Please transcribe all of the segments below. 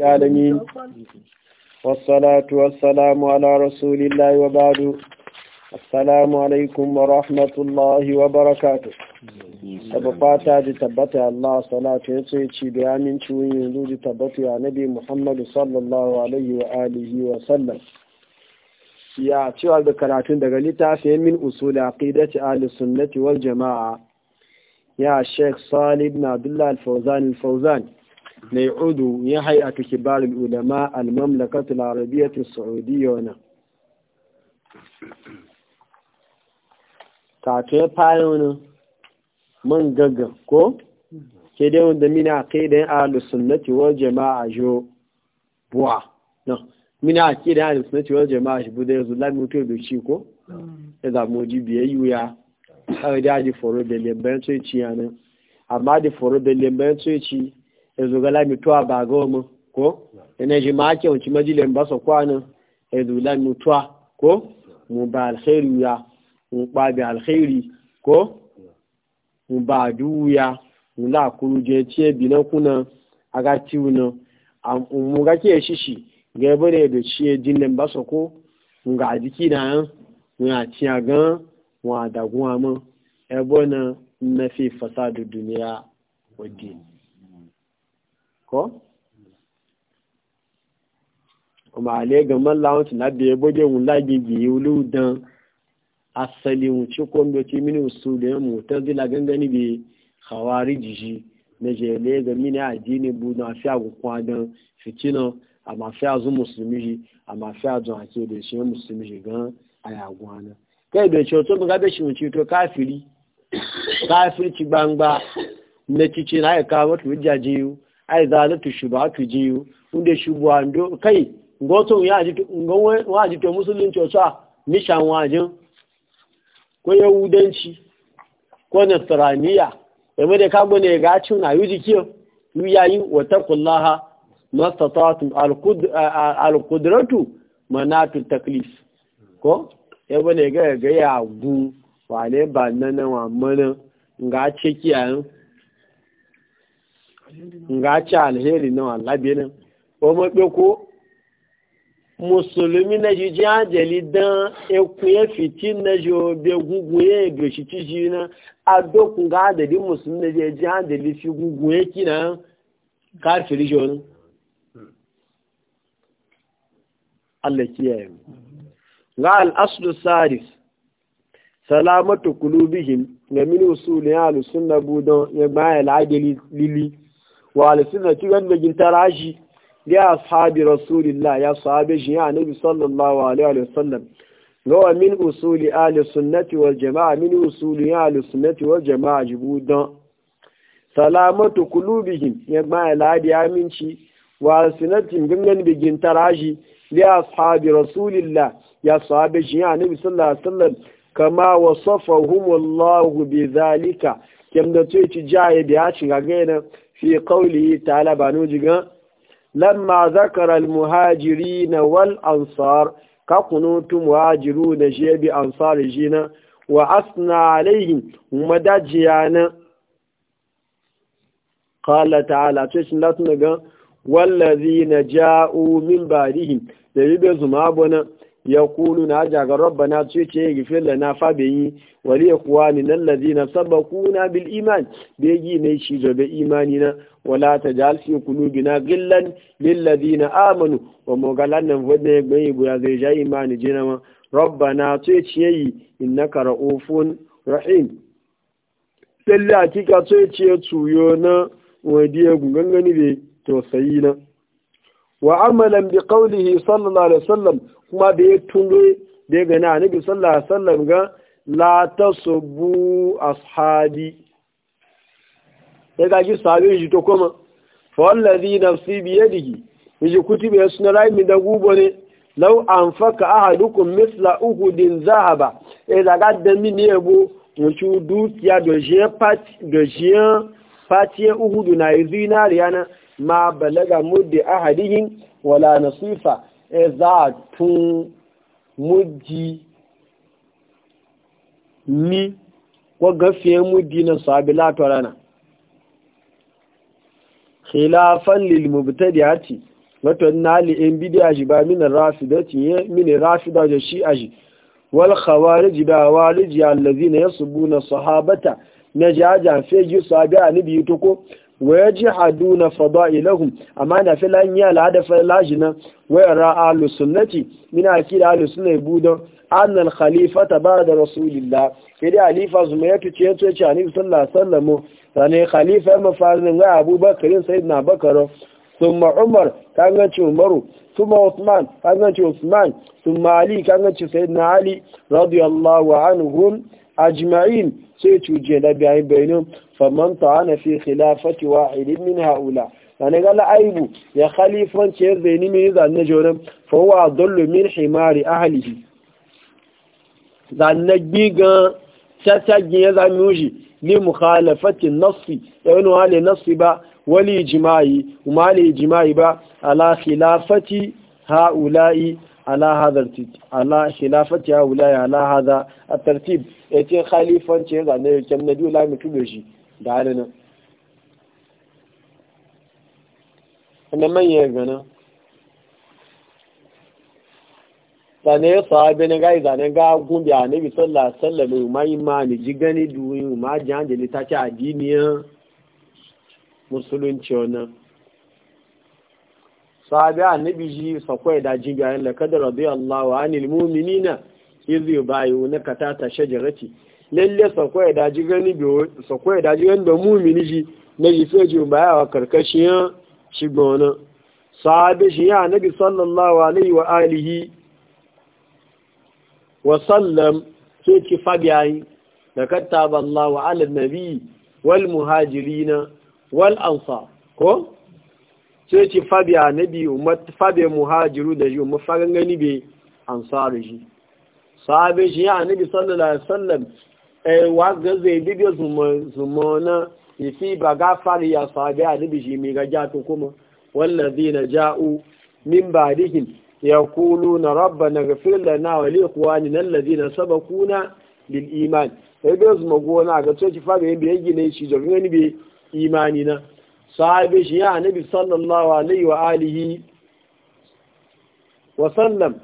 العالمين والصلاة والسلام على رسول الله وبعد السلام عليكم ورحمة الله وبركاته tabbata da tabbatar Allah salatu ya ce ci da yamin ciwon yanzu da tabbata ya nabi Muhammadu sallallahu alaihi wa alihi wa sallam ya cewa da karatun daga littafin min usul aqidati ahli sunnati wal jamaa ya Sheikh Salih ibn na udu ya hay'atu kibar ulama al-mamlakat al-arabiyyah as-saudiyyah wana ta fara wani man gaga ko ke dai wanda mina kai da ahlus sunnati wal jama'a jo buwa na mina kai da ahlus sunnati wal jama'a shi bude zulla mu to da shi ko mm. ya mu ji biyayyu ya har da ji foro da lemban sai ci yana amma da foro da lemban sai ci ezugala mitwa bagomo ko eneji make unci majile mbaso kwana ezugala mitwa ko mu ba ya mu bi alkhairi ko mu ba duya mu la kuruje tie bina kuna aga tiuno mu ga ke shishi ga bane da shi jinne mbaso ko nga jiki na nga tiya gan wa dagun amon ebona na fi fasadu duniya wa dini ko kuma ga mallawon da ya bude wun lagi wulu asali wun ko ndo mini usu da zila gangani bi khawari jiji na je ga mini addini bu na fi agu kwadan fitina musulmi ji ake da shi musulmi ji gan kai da ci to ga shi mu to kafiri kafirci gbangba na cici na ya kawo mutu jajiyu ai zalatu shubatu jiyu inda shubuwa ndo kai ngoto ya ji ngowe wa ji to musulunci osa nishan wajin ko yahudanci ko nasraniya yamma e da kago ne ga cin ayu jikiyo yu yayi wa taqullaha mastata'tum al-qudratu manatu taklif ko yamma ne ga ga ya gu wale ba nan wa mana ga ce kiyayen nga ci alheri na wallabi nan ko maɓe ko musulmi na ji ji ajali dan ekunye fiti na ji obe gugunye goshi ci ji na adokun ga adali musulmi na ji ji fi gugunye ki na kafiri ji wani Allah ga al-aslu saris salamatu qulubihim ga min usul ya al-sunna budon ya ba al lili wa alisuna ti wanda gintara shi ya ashabi rasulullah ya sahabe shi ya nabi sallallahu alaihi wa sallam gawa min usuli ahli sunnati wal jama'a min usuli ahli sunnati wal jama'a jibudan salamatu qulubihim ya ba ladi aminci wa sunatin gangan bigin tarashi li ashabi rasulullah ya sahabe shi ya nabi sallallahu alaihi wasallam kama wasafahumullahu bidhalika bi zalika kamda ce jaye da ya ci في قوله تعالى بانوجيغا لما ذكر المهاجرين والأنصار كقنوت مهاجرون جيب أنصار جينا وأثنى عليهم ومدجيانا قال تعالى تشن لاتنغا والذين جاءوا من بعدهم يبيزم أبونا ya kulu na haja rabba na ce ce gifin lana fa yi wali ya kuwa ni nan lazi na saba kuna bil iman begi ne shi zobe imani na wala ta ji alfi kulubi na gillan lil na amanu wa mogalan nan wadda ya gbanyi buya zai ja imani jina ma rabba na ce ce yi innaka ra'ufun rahim lalle tuyo na wadiya gungangani da tausayi na wa amalan bi qawlihi sallallahu alaihi wasallam kuma da ya tunge da ya gani bi sallallahu alaihi wasallam ga la tasbu ashabi daga ji sabe ji to kuma fa allazi nafsi bi yadihi ji kutiba ya suna rai mi da gubo ne law anfaka ahadukum mithla uhudin zahaba e daga ga da mi ne yabo mutu dukiya da je pat da je patiye uhudu na zinariya ma balaga muddi ahadihin wala nasifa e za tun mujji ni ko gafiye muddi na sabi latorana khilafan lil mubtadi'ati wato na li in bidiya ji ba min rafidati ye min rafida da shi aji wal khawarij da walij allazina yasbuna sahabata najaja fe ji sabi anibi to ko waya ji hadu na fada ilahu amma na fi lanyi al'ada falajina waya ra'a lusunnati mina akida lusunna budon annal khalifa ta ba da rasulillah sai dai halifa zuma ya tuce ya tuce a da mu sallamu ne khalifa ya mafarin ga bakarin sai na bakaro ثم Umar كان ganci Umaru ma Usman kan ganci Usman, ثم علي kan ganci na Ali radiyallahu anhum ajma'in sai cuje da biyan bayinu faman ta'ana fi khilafati wahidin min haula yana ga la aibu ya khalifan ce zaini mai zan na joran fa huwa dallu min himari ahlihi zan na giga tata giya zan nuji ni mukhalafati nassi yawan wale nassi ba wali ijma'i wale jima'i ba ala khilafati haula'i ala hadar ala khilafati ya wulaya ala hada a tartib ya ce khalifanci ya zane ya kyan na biyu lami tube shi da hannun wanda manya ya gana zane ya sahabi na gai zane ga gumbi a nabi sallah sallame ma yi ma ni ji gani duwi ma ji hanjali ta ce addiniyar musulunci wannan sahabi annabi ji sakwai da jin bayan la kadar radiyallahu anil mu'minina izi yubayuna ka ta ta shajarati lalle sakwai da ji gani biyo sakwai da ji gani da mu'mini ji na yawa, feji bayawa karkashin shigona sahabi shi ya nabi sallallahu alaihi wa alihi wa sallam ke ki fabiyayi da kattaba Allah wa ala nabi wal muhajirina wal ansar ko sai ce fabiya na biyu fabiya muhajiru da yiwu mafarin gani bai ansaru shi sahabe shi ya anabi sallallahu alaihi wasallam eh wa zai bibiyo zuma na yafi ba ga fari ya a nabi shi mai gajiya to kuma wallazina ja'u min ba'dihim yaquluna rabbana ighfir lana wa li ikhwanina allazina sabaquna bil iman sai eh, biyo zuma gona ga coci ci fabiya bai gine shi da gani bai imani na sahabe shi ya annabi sallallahu alaihi wa alihi wa sallam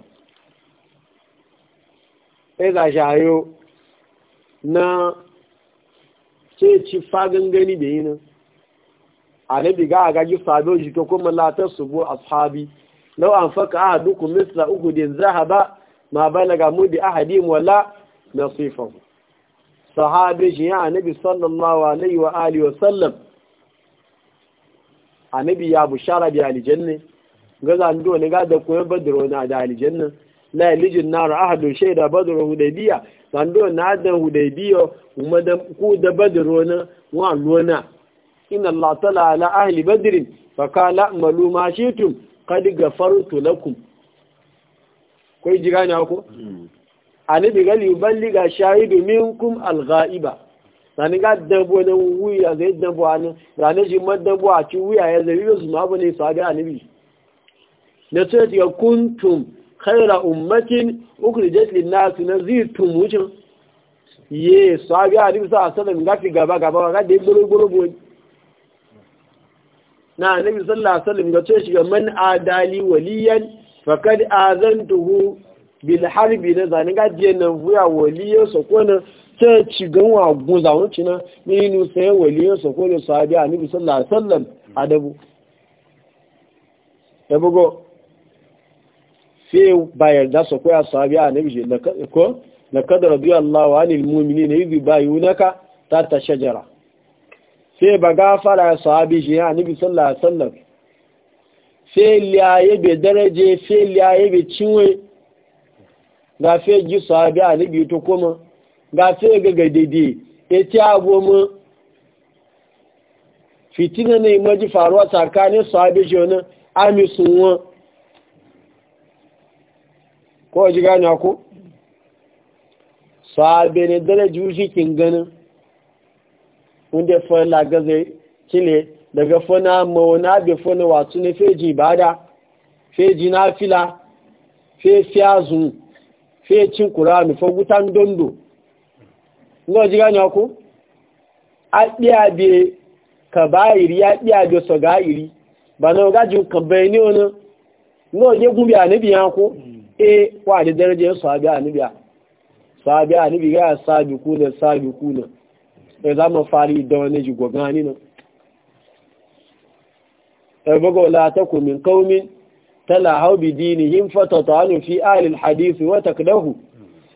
sai ga shayo na ce ci fagen da yi nan annabi ga a gaji sahabe shi ta kuma latar su subo ashabi lau an faka a dukkan misla uku din zahaba ma balaga mudi ahadim wala nasifahu sahabe shi ya annabi sallallahu alaihi wa alihi wa sallam annabi ya bushara bi aljanna ga zan ne ga da koyo badro na da aljanna la yalijin nar ahadu shaida badro hudaybiya zan na da hudaybiyo kuma da ku da badro na wa lona inna allah tala ala ahli badr fa qala malu ma shitum qad ghafartu lakum koi jira ne ko annabi hmm. gali yuballiga shahidu minkum alghaiba zane ga dambo na wuya zai dambo a nan zane shi ma dambo a ci wuya ya yanzu yi su abu ne haɗe a nibi na ce ce kuntum khaira ummatin ukhrijat nasu na nazirtum wucin ye haɗe a su a sanar ga fi gaba gaba ga dai yi gboro boy na nabi sallallahu alaihi wasallam ga ce shi ga man adali waliyan faqad azantuhu bil harbi na zane ga jiyan nan wuya waliyan sokona sai ci gan wa gun zaun ci na ni nu sai waliyan sa ko ne sahabi annabi sallallahu alaihi wasallam adabu da bugo sai bayar da sa ko ya sahabi annabi je la ko la kadar bi Allah anil ba yi bayunaka ta ta shajara sai ba gafara sahabi je annabi sallallahu alaihi wasallam sai liya ya be daraje sai liya ya be cinwe ga sai ji sahabi annabi ta koma ga sai ga gadidi ya ci abuwa fitina ne maji faruwa tsakanin sahabi shi wani amisun sunwa ko ji gani ku sahabi ne dare jushi kin ganin wanda fana gaza kile daga fana mawana da fana wasu ne feji bada feji na fila fe fiyazun fe cin kura nufa wutan dondo ngo ji gani ku a biya be ka bayiri ya a be so gairi ba na ga ju kan bai ni ona ngo je gun biya ni biya ku hmm. e wa da daraje so biya ni a so biya ni biya sabi ku da sabi ku na e za mu fari da wani ji gogani na e bugo la takum min qaumin tala hau bi dinihim fatatanu fi ahli alhadith wa takdahu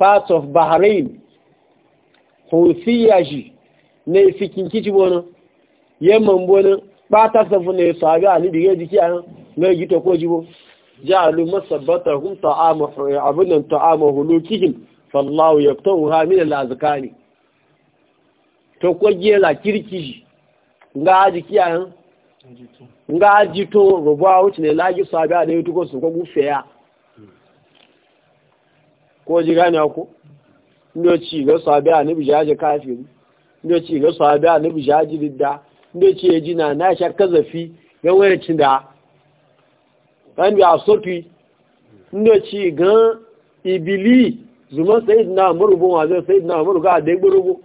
parts of bahrain hufiya ne fikin kici bono yemman bono bata safu ne su a nibi dige jiki a nan gita ko jibo ja'alu masabbata hum ta'ama abunan ta'ama hulukihim fallahu yaqtawha min al-azkani to ko kirki kirkiji nga jiki a nan nga jito rubawa wuce ne lagi sabi a da ko su ko ya ko ji gane ku ndo ci ga sahabi annabi jaji kafiri ndo ci ga sahabi annabi jaji ridda ndo ci ya jina na sha kazafi ga wayacin da kan bi asofi ndo ci ga ibili zuma sayyidina amru bon wa sayyidina amru ga da gburugo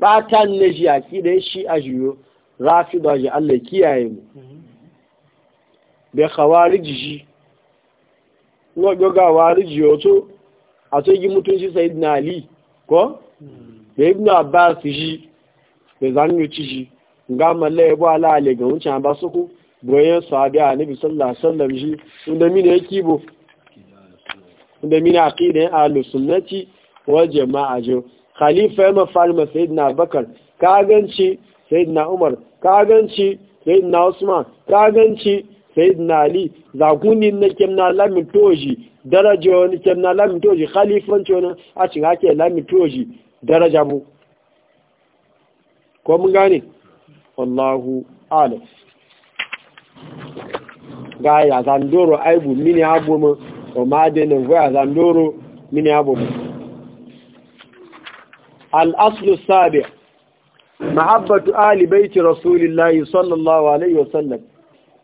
batan ne a akida shi ajiyo rafida ji Allah kiyaye mu bi khawarij ji na goga wa rijiyo to a sai yi mutunci sai na ali ko da ibn abbas shi da zanyo ci shi ga malla ya ba la ale ga wancan ba su ku goyen sahabi annabi sallallahu alaihi wasallam shi inda mine yake bo inda mine aqidan ahlus sunnati wal jamaa jo khalifa ya mafalma sayyidina abubakar kaganci sayyidina umar kaganci sayyidina usman kaganci sayyidina ali zagunin na kemna lamitoji daraja wani kemna lamitoji khalifanci wani a cin hake lamitoji daraja ko mun gane wallahu ga ya zandoro aibu mini abu mu o ma de ne ga zandoro mini abu mu al aslu sabi mahabbatu ali baiti rasulillahi sallallahu alaihi wasallam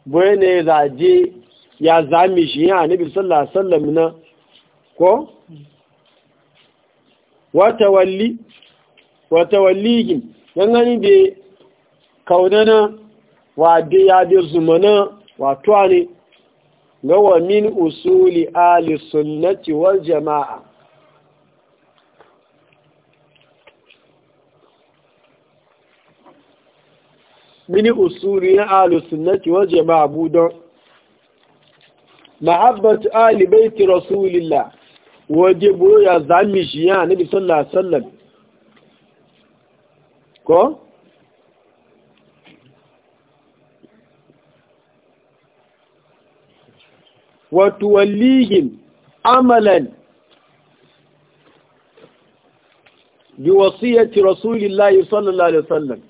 bane zaje ya zami shi ya nabi sallallahu alaihi wasallam na ko wata walli wata wallihim dan gani be kaunana wa de ya de zumana wa ne, ga wa min usuli ahli sunnati wal jamaa mini usuli na alusunnati wal jama'a budan mahabbatu ali baiti rasulillah waje boya zami shi ya nabi sallallahu alaihi wasallam ko wa tuwallihim amalan bi wasiyati rasulillahi sallallahu alaihi wasallam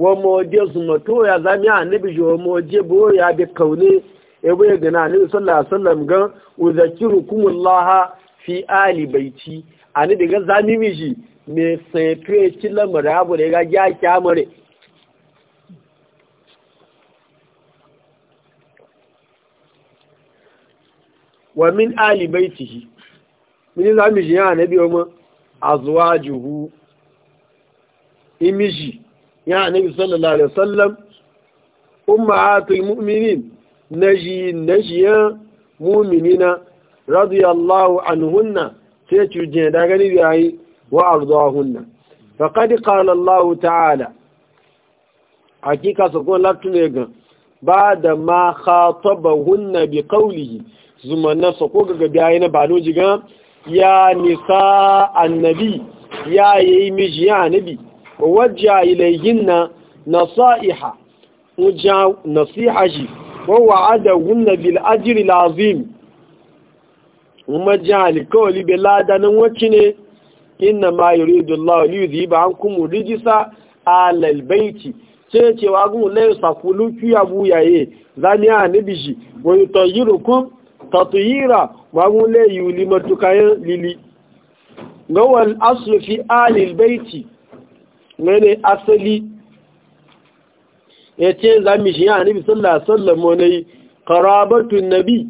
wa moje zumato ya zami annabi jo moje bo ya bi kaune e gina ga na annabi sallallahu alaihi wasallam ga uzakirukumullah fi ali baiti annabi gan zami miji me sai tuye kila marabu da ga ya kyamare wa min ali baitihi min zami shi ya annabi o mo azwajuhu imiji ya annabi sallallahu alaihi wasallam ummatul mu'minin naji najiya mu'minina radiyallahu anhunna sai cuje da gani yayi wa ardahunna faqad qala Allah ta'ala hakika su kuma latune ga ba da ma khatabahunna bi qawlihi zumanna su ko ga bayi na ba doji ga ya nisa annabi ya yayi miji ya annabi wajja ilayhinna nasaiha uja nasiha shi wa wa'adahunna bil ajri lazim kuma jali kawai ladanin wacce ne inna ma yuridu Allah li yudhiba ankum rijsa alal baiti sai cewa gun la yasakulu fi abu yaye zani anabi shi wa yutayirukum tatyira wa gun la yuli matukayan lili gawal aslu fi mene asali ya ce za mu shi yana bi sallah sallam wani karabatun nabi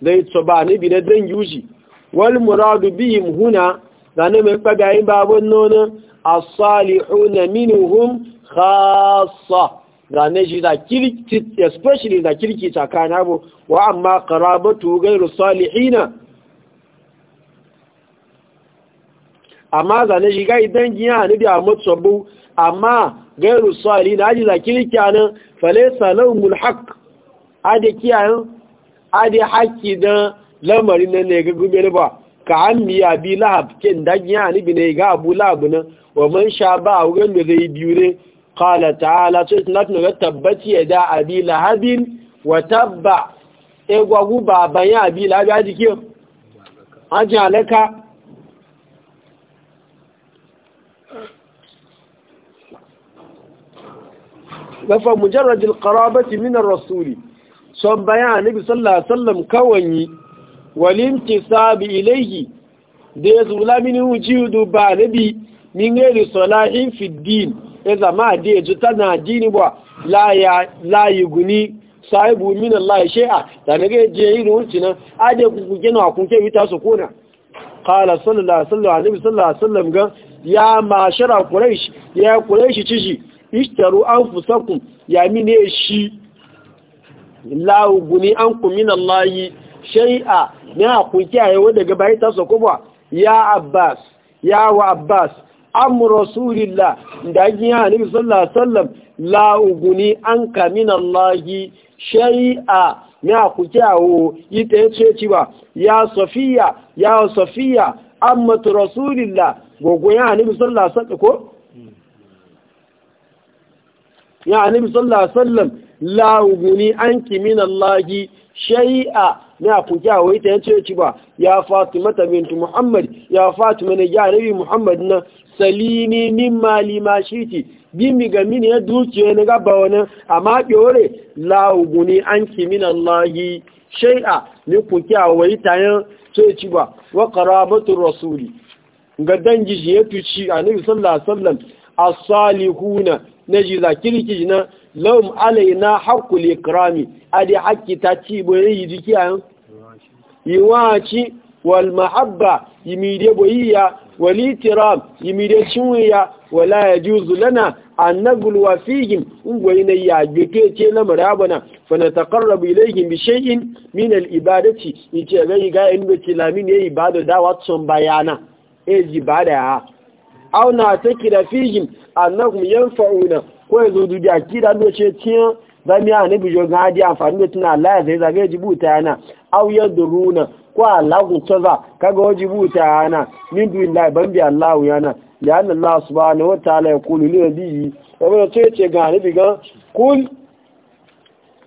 da ya ba nabi na dan yushi wani muradu bihim huna da na mai kwagayen babon nonon asalihuna minuhum khasa da na shi da kirki especially da kirki tsakanin abu wa amma karabatu gairu salihina amma zane shiga idan giya ni da matsabu amma gairu sari na aji zakiri kyanin falaisa lahumul haq ade kiyayen ade haƙƙi da lamarin nan ne ga gube ba ka an ya bi lahab kin da giya ni bi ne ga abu lahab nan wa man sha ba a wurin da zai biyu ne qala ta'ala so it's not tabbati ya da abi lahabin wa tabba e gwagu baban ya abi lahab aji kiyo gafa mujarrajil qarabati min ar-rasuli son bayan nabi sallallahu alaihi wasallam kawai walimtisabi ilayhi da ya zula mini wujudu ba nabi min gairi salahin fi din ya zama da ya ji tana dini ba la yi guni sahibu min Allah shay'a da na ga je yi ruci nan ade ku gina kun ke wita su kona qala sallallahu alaihi wasallam nabi sallallahu alaihi wasallam ga ya mashara quraish ya quraish cishi ishtaru anfusakum ya mine shi la guni ku min allahi shay'a a ku kiyaye daga bai ta sako ba ya abbas ya wa abbas amru rasulillah da ya annabi sallallahu alaihi wasallam la guni ka min allahi shay'a a ku kiyawo ita ce ci ba ya safiya ya safiya amma rasulillah gogo ya annabi sallallahu alaihi wasallam ko ya annabi sallallahu alaihi wasallam la uguni anki min allahi shay'a na ku kyawai ta yace ci ba ya fatima ta bintu muhammad ya fatima ne ya nabi muhammad na salini min mali ma shiti gimi ga min ya dukiya na gaba wani amma kyore la uguni anki min allahi shay'a ne ku kyawai ta yace ci ba wa qarabatu rasuli ga dangi shi ya tuci annabi sallallahu alaihi wasallam as-salihuna na ji za kirki na laum alaina haqqul ikrami adi haqqi ta ci boye yi jiki yi yiwaci wal yi yimide boyiya wal itiram yimide cinwiya wala ya yajuzu lana a nagulwa fihim na ya gbeke ce na marabana fana takarrabi ilayhim bishiyin minal ibadaci al ibadati yace ga ga in bi ya yi ibada da watson bayana e ji ya auna ta kira fihim annahum yanfa'una ko yanzu dubi akida no ce tiyan zami a nabi jo ga hadi amfani da tuna Allah ya zai zage jibuta yana au yadruna ko Allah ku taza kaga wajibuta yana min bi billahi ban bi Allah yana ya Allah subhanahu wataala ya kulu li nabi wanda ce ce ga nabi ga kul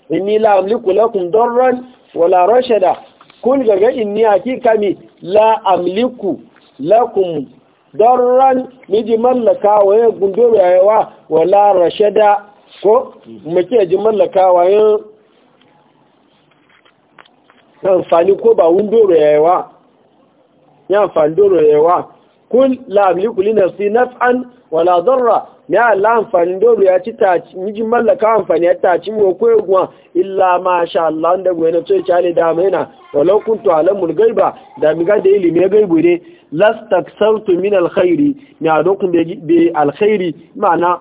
inni la amliku lakum darran wala rashada kul ga ga inni hakikami la amliku lakum don ran miji mallaka wa ya gundo rayuwa wala rashada ko mace ji mallaka wa yin amfani ko ba wundo rayuwa ya amfani do rayuwa kul la na si nafsi naf'an wala darra ya Allah amfani do ya ci ta miji mallaka amfani ya ta ci mu ko eguwa illa ma sha Allah da gwe na ce chale da na walau kuntu alamul gaiba da mi ga da ilimi gaibu ne lastaksartu min alkhairi ya dokun be alkhairi ma'ana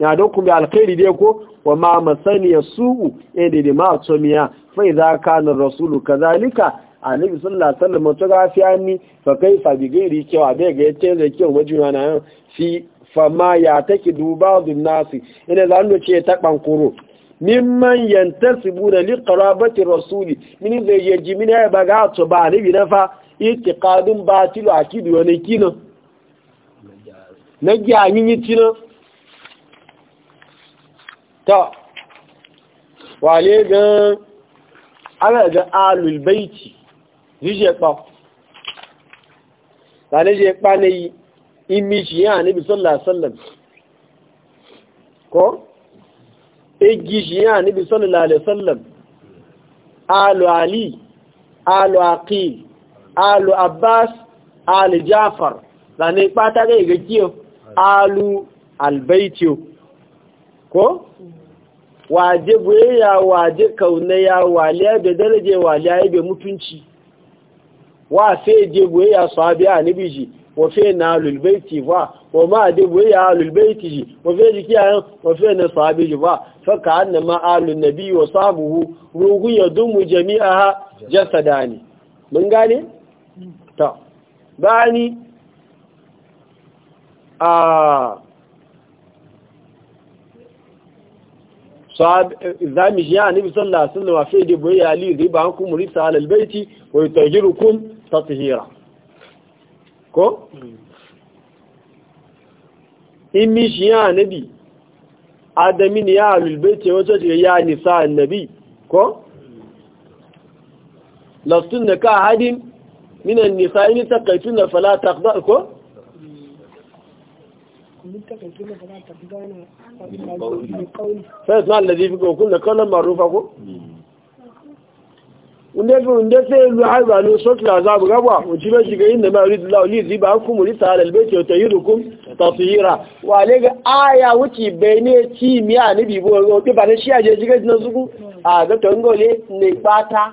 ya dokun be alkhairi dai ko wa ma masani yasu'u eh dai ma tsomiya fa idza kana rasulu kazalika annabi sallallahu alaihi wasallam to fi ni fa kaifa bi gairi cewa bai ga yace da kyau wajuna na fi fama ya take duba dun nasi ina zanu ce ta bankuro mimman yantasibuna liqarabati rasuli min zai yaji min ya baga to ba ni bi fa. itiqadun batilu akidu wani kina na gyanin yi cina ta wale gan ala ga alul alulbaiti jije pa ta tare je pa ne imiji ya shi bi sallallahu alaihi wasallam ko egi shi ya bi sallallahu alaihi wasallam alu ali alu aqil alu abbas alu jafar zane kpata zai ga kiyo alu albaitiyo ko waje boyayya waje kaunaya waliya da daraje waliya da mutunci wa sai je boyayya sahabi annabi ji wa fe na alulbaiti ba wa ma de boyayya alulbaiti ji wa fe ji kiyaye wa fe na sahabi ji ba faka ka annama alun nabi wa sahabu ruhu yadumu jami'aha jasadani mun gane ta bani a zami shi ya nufi sallah alaihi wasallam fa da boye ali riba an kuma wai ta baiti kun ta tatheera ko imi shi ya nabi adamin ya alalbaiti wata wato ya nisa nabi ko lastun ka hadin minan nisa in takaituna fala taqda ko فاسمع الذي فيكم كنا قولا معروفا كو wanda fi wanda sai yanzu har zanu sotu da za bu gaba wuce ba shiga inda ma yuridu lahu li ziba hukum li ta halal baiti wa tayyidukum tatyira wa le ga aya wuce bene ci miya ni bibo ko ba ne shi aje shiga dinan suku a ga tangole ne bata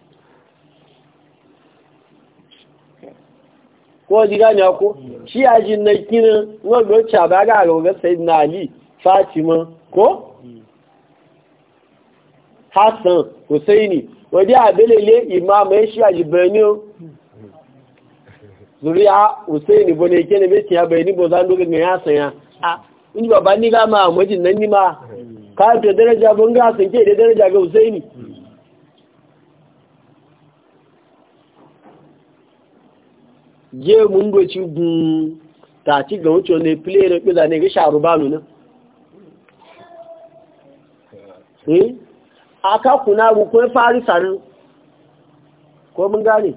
ko ji gane ko shi a ji na kinin wanda wacce ba ga ga sai na ali fatima ko hassan husaini wadi ya belele ya shi a ji benin zuriya husaini bane ke ne bai ya bayani ba zan dogon ya sanya a in ba ba ni ga ma majin nan ni ma ka ta daraja bun san ke da daraja ga husaini je mun goci gun ta ci ga wuce ne player ko da ne ga sharu banu nan eh aka kuna ru ko fari sarin ko mun gane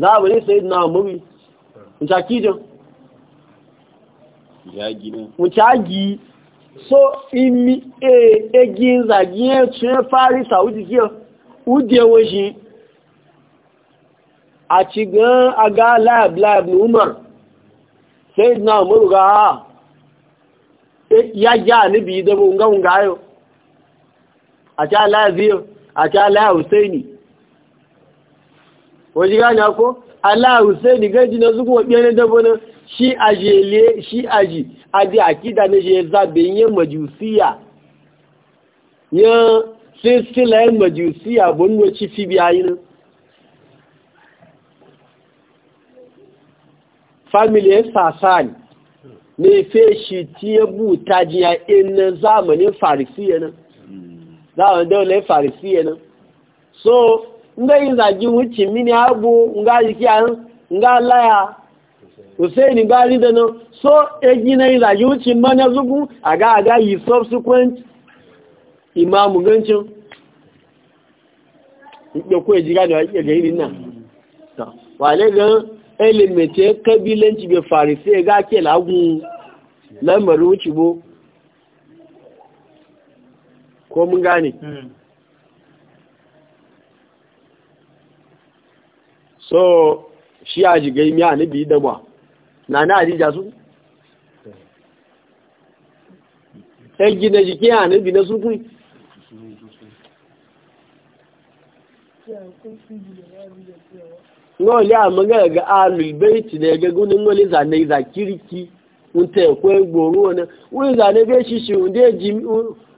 za a wani sai na mu mun ta kijo gi so imi e egin zagi e tun e e fari saudi kiyo uje wo shi a ci gan a ga lab-lab ni umar sai na umaru ga ha ya ja ni bi dabo nga nga ayo a ci alaya biyu a ci alaya husaini wajen gani ako alaya husaini gaji na zuku waɓe na dabo na shi ajele shi aji a akida na shi ya zaɓe yin majusiya yin silsila yin majusiya ci fi yi na. family sasan ne fe shi ti ebu tajiya in zamanin farisiya nan zamanin daular farisiya nan so nga yin zagi wuce mini abu nga jiki an nga laya Hussein ba ni da nan so egi na yin zagi wuce mana zugu a ga a ga yi subsequent imamu gancin ya kuwa jiga da wa iya gairi nan wale gan elemente kabilanci bai fari sai ga ke lagun lamarin wuce bo ko mun gane so shi a gai miya na biyu da ba na na adija su ɗan gina jike a na biyu na su kuri Yeah, ngoli amanga ga alul bait ne ga gunin ngoli zane za kiriki unte ko egboro ne wi zane be shishi unde jimi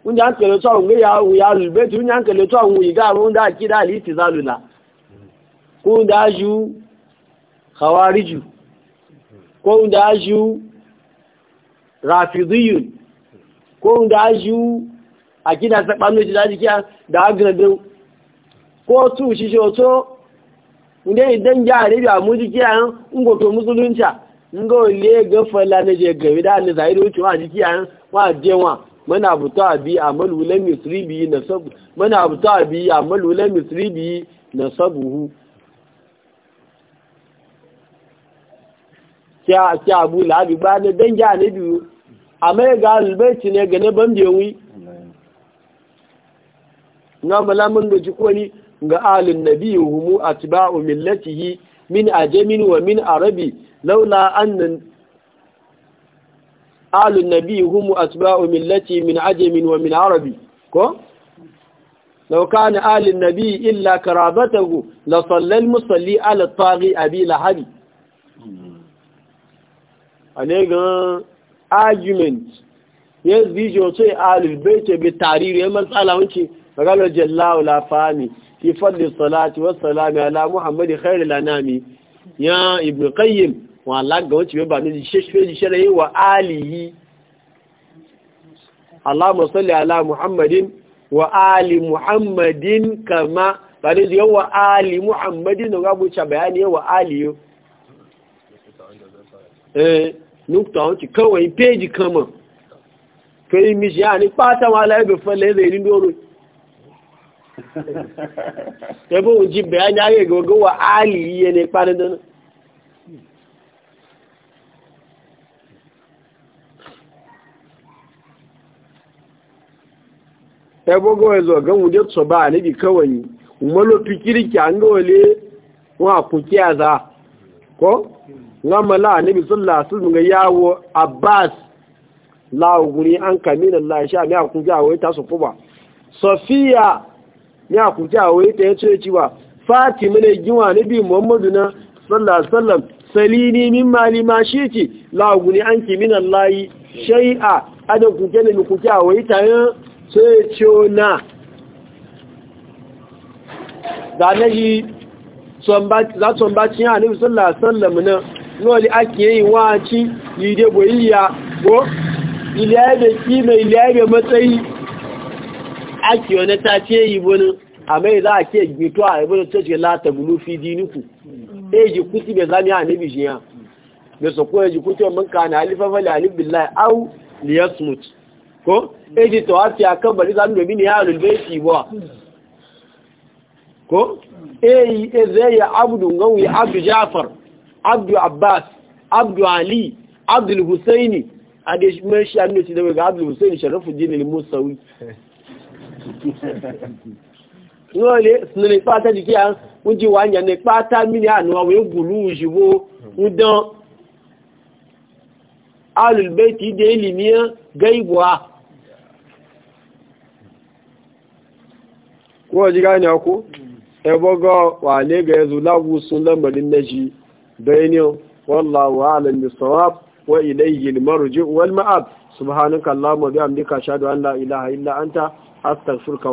unde ankele to ngi ya wi alul bait unde ankele to ngi ga unde akida ali tizaluna na. da ju khawariju ko da ju rafidiyun ko ju akida da ko tu inda idan jihari da mu jiki a yan ungoto musulunci in ga wale na je gari da ni zai wuce wa jiki a yan wa jewa mana buta bi a malulan misri bi na sabu mana buta bi na kya ba ne dan jihari biyu amma ga ne ga na malamin da ga alin nabi humu atba'u millatihi min ajamin wa min arabi laula annan alin nabi humu atba'u millati min ajamin wa min arabi ko alin na illa karabata ku la sallal musalli ala المصلي abi lahari A ne gan argument yes video sai alul baita bi tariri ya matsala wuce maganar jallawa la fami fi fadli salati wa salami ala muhammad khairul anami ya ibn qayyim wa laga wacce ba ni sheshfe shirayi wa alihi allahumma salli ala muhammadin wa ali muhammadin kama ba ni wa ali muhammadin ga buca bayani wa ali eh nukta wanci kawai peji kama kai mi ya ni pata wala ibe falle ni rindo ebe oji mgbe anya agha egogo wa ali ihe na-ekpari dịnụ ebe ogo ezo gan wuje tsoba a nabi kawai umalo fikirki an ga wale wa kuke a za ko ngamala a nabi sallallahu alaihi wasallam yawo abbas la an kamina la sha mi a kuke a wai su fuba sofiya Ni a kuce a waye ta ya ce cewa fatima ne giwa nabi muhammadu na sallallahu alaihi wasallam salini min mali ma shi ce laguni an ki min Shai a adan kuke ne kuke a waye ta ya ce ce na da na yi za tun ba ci yana nabi sallallahu alaihi na lori ake yi wa ci yi dai boyayya Iliya ilẹ̀ ẹgbẹ̀ kí ilẹ̀ ẹgbẹ̀ matsayi ake wani ta ce yi wani a mai za a ke gbeto a ibina ta ce lata bulu fi dinuku e ji kuti bai zami a nabi jiya da su ko ya ji kuti wa mun kana alifa fali alif billahi au liyasmut ko e ji tawafi a kan bari zami domin ya lulbe shi buwa ko e yi e zai ya abdu ngawi abdu jafar abdu abbas abdu ali Abdu husaini a da shi mai shi shi da ga abdul husaini sharafu jini musawi yóò lè sinú ní pátá jù kí a ń jí wà nyà ní pátá mílí àná àwọn ègbùlú òṣìwò ń dán alùlùbẹ́ ti dé ìlìmíyàn gẹ́ ìbò a kúrò jíká ní ọkú ẹgbọ́gọ́ wà lẹ́gẹ̀ ẹzù láwùsùn lẹ́mọ̀lẹ́ mẹ́jì bẹ́ẹ̀niọ́ أستغفرك